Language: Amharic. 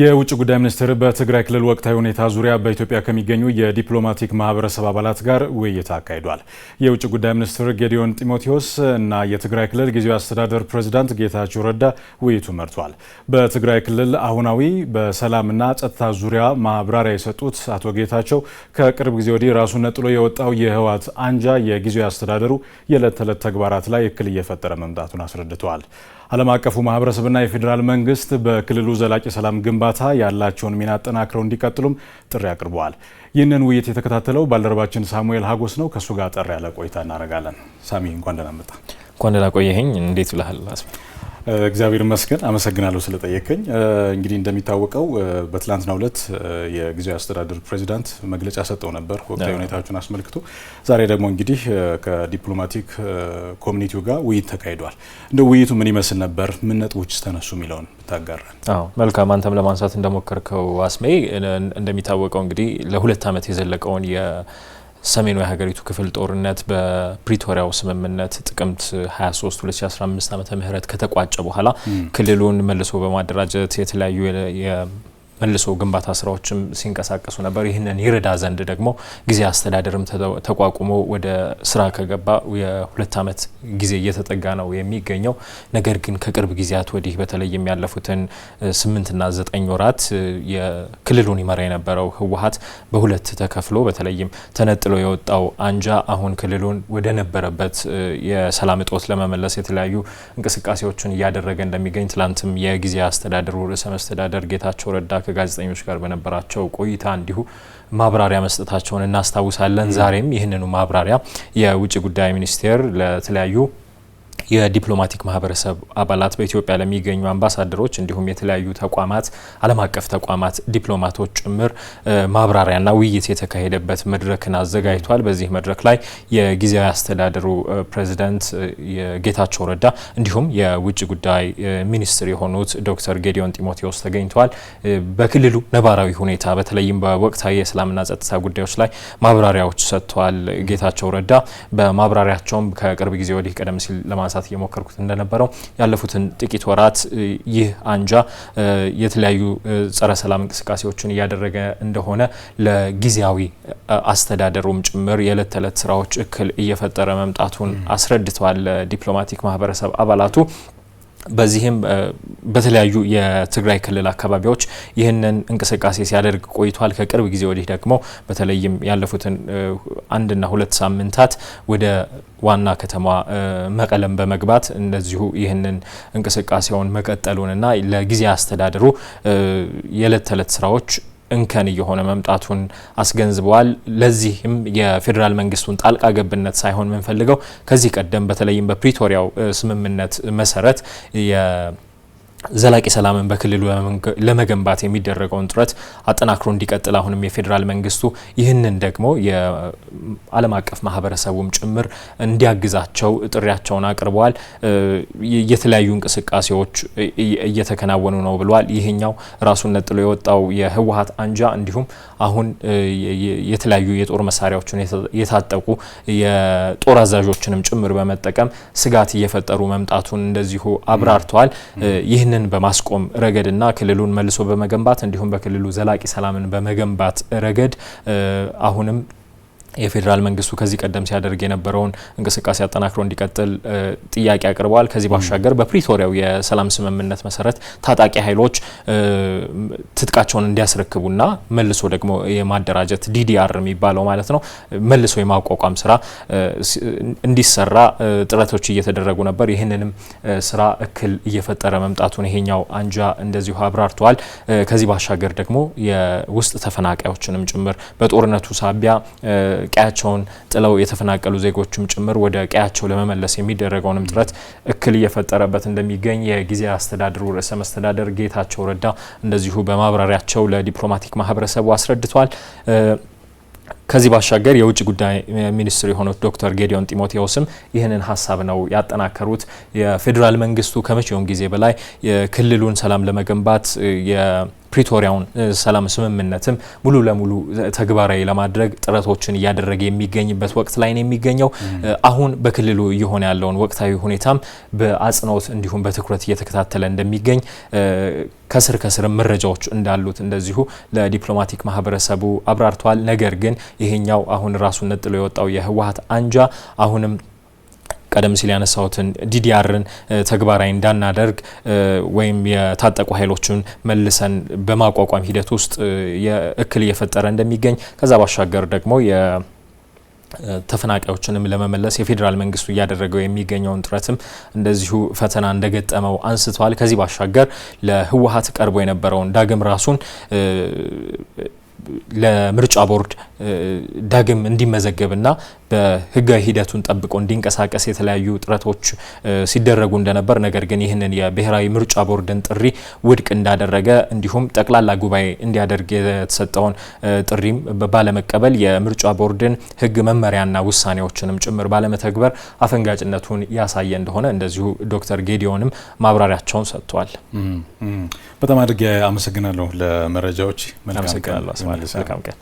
የውጭ ጉዳይ ሚኒስትር በትግራይ ክልል ወቅታዊ ሁኔታ ዙሪያ በኢትዮጵያ ከሚገኙ የዲፕሎማቲክ ማህበረሰብ አባላት ጋር ውይይት አካሂዷል። የውጭ ጉዳይ ሚኒስትር ጌዲዮን ጢሞቴዎስ እና የትግራይ ክልል ጊዜያዊ አስተዳደር ፕሬዚዳንት ጌታቸው ረዳ ውይይቱ መርቷል። በትግራይ ክልል አሁናዊ በሰላምና ጸጥታ ዙሪያ ማብራሪያ የሰጡት አቶ ጌታቸው ከቅርብ ጊዜ ወዲህ ራሱን ነጥሎ የወጣው የህወሓት አንጃ የጊዜያዊ አስተዳደሩ የዕለት ተዕለት ተግባራት ላይ እክል እየፈጠረ መምጣቱን አስረድተዋል። ዓለም አቀፉ ማህበረሰብና የፌዴራል መንግስት በክልሉ ዘላቂ ሰላም ግንባታ ያላቸውን ሚና አጠናክረው እንዲቀጥሉም ጥሪ አቅርበዋል። ይህንን ውይይት የተከታተለው ባልደረባችን ሳሙኤል ሀጎስ ነው። ከእሱ ጋር ጠር ያለ ቆይታ እናደርጋለን። ሳሚ እንኳን ደህና መጣ። እንኳን ደህና ቆየኸኝ። እንዴት ብለሃል? እግዚአብሔር ይመስገን አመሰግናለሁ ስለጠየቀኝ። እንግዲህ እንደሚታወቀው በትላንትናው ዕለት የጊዜያዊ አስተዳደር ፕሬዚዳንት መግለጫ ሰጠው ነበር ወቅታዊ ሁኔታዎችን አስመልክቶ። ዛሬ ደግሞ እንግዲህ ከዲፕሎማቲክ ኮሚኒቲው ጋር ውይይት ተካሂዷል። እንደ ውይይቱ ምን ይመስል ነበር? ምን ነጥቦች ተነሱ? የሚለውን ብታጋራን። አዎ መልካም። አንተም ለማንሳት እንደሞከርከው አስሜ እንደሚታወቀው እንግዲህ ለሁለት ዓመት የዘለቀውን ሰሜኑ የሀገሪቱ ክፍል ጦርነት በፕሪቶሪያው ስምምነት ጥቅምት 23 2015 ዓመተ ከተቋጨ በኋላ ክልሉን መልሶ በማደራጀት የተለያዩ መልሶ ግንባታ ስራዎችም ሲንቀሳቀሱ ነበር። ይህንን ይረዳ ዘንድ ደግሞ ጊዜ አስተዳደርም ተቋቁሞ ወደ ስራ ከገባ የሁለት ዓመት ጊዜ እየተጠጋ ነው የሚገኘው። ነገር ግን ከቅርብ ጊዜያት ወዲህ በተለይም ያለፉትን ስምንትና ዘጠኝ ወራት የክልሉን ይመራ የነበረው ህወሀት በሁለት ተከፍሎ በተለይም ተነጥሎ የወጣው አንጃ አሁን ክልሉን ወደ ነበረበት የሰላም እጦት ለመመለስ የተለያዩ እንቅስቃሴዎችን እያደረገ እንደሚገኝ ትላንትም የጊዜ አስተዳደሩ ርዕሰ መስተዳደር ጌታቸው ረዳ ከጋዜጠኞች ጋር በነበራቸው ቆይታ እንዲሁ ማብራሪያ መስጠታቸውን እናስታውሳለን። ዛሬም ይህንኑ ማብራሪያ የውጭ ጉዳይ ሚኒስቴር ለተለያዩ የዲፕሎማቲክ ማህበረሰብ አባላት በኢትዮጵያ ለሚገኙ አምባሳደሮች እንዲሁም የተለያዩ ተቋማት፣ ዓለም አቀፍ ተቋማት ዲፕሎማቶች ጭምር ማብራሪያና ውይይት የተካሄደበት መድረክን አዘጋጅቷል። በዚህ መድረክ ላይ የጊዜያዊ አስተዳደሩ ፕሬዚዳንት ጌታቸው ረዳ እንዲሁም የውጭ ጉዳይ ሚኒስትር የሆኑት ዶክተር ጌዲዮን ጢሞቴዎስ ተገኝተዋል። በክልሉ ነባራዊ ሁኔታ በተለይም በወቅታዊ የሰላምና ጸጥታ ጉዳዮች ላይ ማብራሪያዎች ሰጥተዋል። ጌታቸው ረዳ በማብራሪያቸውም ከቅርብ ጊዜ ወዲህ ቀደም ሲል ለማንሳት ለማንሳት እየሞከርኩት እንደነበረው ያለፉትን ጥቂት ወራት ይህ አንጃ የተለያዩ ጸረ ሰላም እንቅስቃሴዎችን እያደረገ እንደሆነ ለጊዜያዊ አስተዳደሩም ጭምር የዕለት ተዕለት ስራዎች እክል እየፈጠረ መምጣቱን አስረድተዋል። ዲፕሎማቲክ ማህበረሰብ አባላቱ በዚህም በተለያዩ የትግራይ ክልል አካባቢዎች ይህንን እንቅስቃሴ ሲያደርግ ቆይቷል። ከቅርብ ጊዜ ወዲህ ደግሞ በተለይም ያለፉትን አንድና ሁለት ሳምንታት ወደ ዋና ከተማ መቀለም በመግባት እንደዚሁ ይህንን እንቅስቃሴውን መቀጠሉንና ለጊዜ አስተዳደሩ የዕለት ተዕለት ስራዎች እንከን እየሆነ መምጣቱን አስገንዝበዋል። ለዚህም የፌዴራል መንግስቱን ጣልቃ ገብነት ሳይሆን የምንፈልገው ከዚህ ቀደም በተለይም በፕሪቶሪያው ስምምነት መሰረት ዘላቂ ሰላምን በክልሉ ለመገንባት የሚደረገውን ጥረት አጠናክሮ እንዲቀጥል አሁንም የፌዴራል መንግስቱ ይህንን ደግሞ የዓለም አቀፍ ማህበረሰቡም ጭምር እንዲያግዛቸው ጥሪያቸውን አቅርበዋል። የተለያዩ እንቅስቃሴዎች እየተከናወኑ ነው ብለዋል። ይህኛው ራሱን ነጥሎ የወጣው የህወሀት አንጃ እንዲሁም አሁን የተለያዩ የጦር መሳሪያዎችን የታጠቁ የጦር አዛዦችንም ጭምር በመጠቀም ስጋት እየፈጠሩ መምጣቱን እንደዚሁ አብራርተዋል። ይህንን በማስቆም ረገድና ክልሉን መልሶ በመገንባት እንዲሁም በክልሉ ዘላቂ ሰላምን በመገንባት ረገድ አሁንም የፌዴራል መንግስቱ ከዚህ ቀደም ሲያደርግ የነበረውን እንቅስቃሴ አጠናክሮ እንዲቀጥል ጥያቄ አቅርበዋል። ከዚህ ባሻገር በፕሪቶሪያው የሰላም ስምምነት መሰረት ታጣቂ ኃይሎች ትጥቃቸውን እንዲያስረክቡና መልሶ ደግሞ የማደራጀት ዲዲአር የሚባለው ማለት ነው መልሶ የማቋቋም ስራ እንዲሰራ ጥረቶች እየተደረጉ ነበር። ይህንንም ስራ እክል እየፈጠረ መምጣቱን ይሄኛው አንጃ እንደዚሁ አብራርተዋል። ከዚህ ባሻገር ደግሞ የውስጥ ተፈናቃዮችንም ጭምር በጦርነቱ ሳቢያ ቀያቸውን ጥለው የተፈናቀሉ ዜጎችም ጭምር ወደ ቀያቸው ለመመለስ የሚደረገውንም ጥረት እክል እየፈጠረበት እንደሚገኝ የጊዜ አስተዳደሩ ርዕሰ መስተዳደር ጌታቸው ረዳ እንደዚሁ በማብራሪያቸው ለዲፕሎማቲክ ማህበረሰቡ አስረድቷል። ከዚህ ባሻገር የውጭ ጉዳይ ሚኒስትር የሆኑት ዶክተር ጌዲዮን ጢሞቴዎስም ይህንን ሀሳብ ነው ያጠናከሩት። የፌዴራል መንግስቱ ከመቼውም ጊዜ በላይ የክልሉን ሰላም ለመገንባት ፕሪቶሪያውን ሰላም ስምምነትም ሙሉ ለሙሉ ተግባራዊ ለማድረግ ጥረቶችን እያደረገ የሚገኝበት ወቅት ላይ ነው የሚገኘው። አሁን በክልሉ እየሆነ ያለውን ወቅታዊ ሁኔታም በአጽንኦት እንዲሁም በትኩረት እየተከታተለ እንደሚገኝ ከስር ከስር መረጃዎች እንዳሉት እንደዚሁ ለዲፕሎማቲክ ማህበረሰቡ አብራርተዋል። ነገር ግን ይሄኛው አሁን ራሱን ነጥሎ የወጣው የህወሀት አንጃ አሁንም ቀደም ሲል ያነሳሁትን ዲዲአርን ተግባራዊ እንዳናደርግ ወይም የታጠቁ ኃይሎችን መልሰን በማቋቋም ሂደት ውስጥ እክል እየፈጠረ እንደሚገኝ ከዛ ባሻገር ደግሞ ተፈናቃዮችንም ለመመለስ የፌዴራል መንግስቱ እያደረገው የሚገኘውን ጥረትም እንደዚሁ ፈተና እንደገጠመው አንስተዋል። ከዚህ ባሻገር ለህወሀት ቀርቦ የነበረውን ዳግም ራሱን ለምርጫ ቦርድ ዳግም እንዲመዘገብና በህጋዊ ሂደቱን ጠብቆ እንዲንቀሳቀስ የተለያዩ ጥረቶች ሲደረጉ እንደነበር ነገር ግን ይህንን የብሔራዊ ምርጫ ቦርድን ጥሪ ውድቅ እንዳደረገ እንዲሁም ጠቅላላ ጉባኤ እንዲያደርግ የተሰጠውን ጥሪም ባለመቀበል የምርጫ ቦርድን ህግ መመሪያና ውሳኔዎችንም ጭምር ባለመተግበር አፈንጋጭነቱን ያሳየ እንደሆነ እንደዚሁ ዶክተር ጌዲዮንም ማብራሪያቸውን ሰጥተዋል። በጣም አድርጌ አመሰግናለሁ ለመረጃዎች። መልካም ቀን።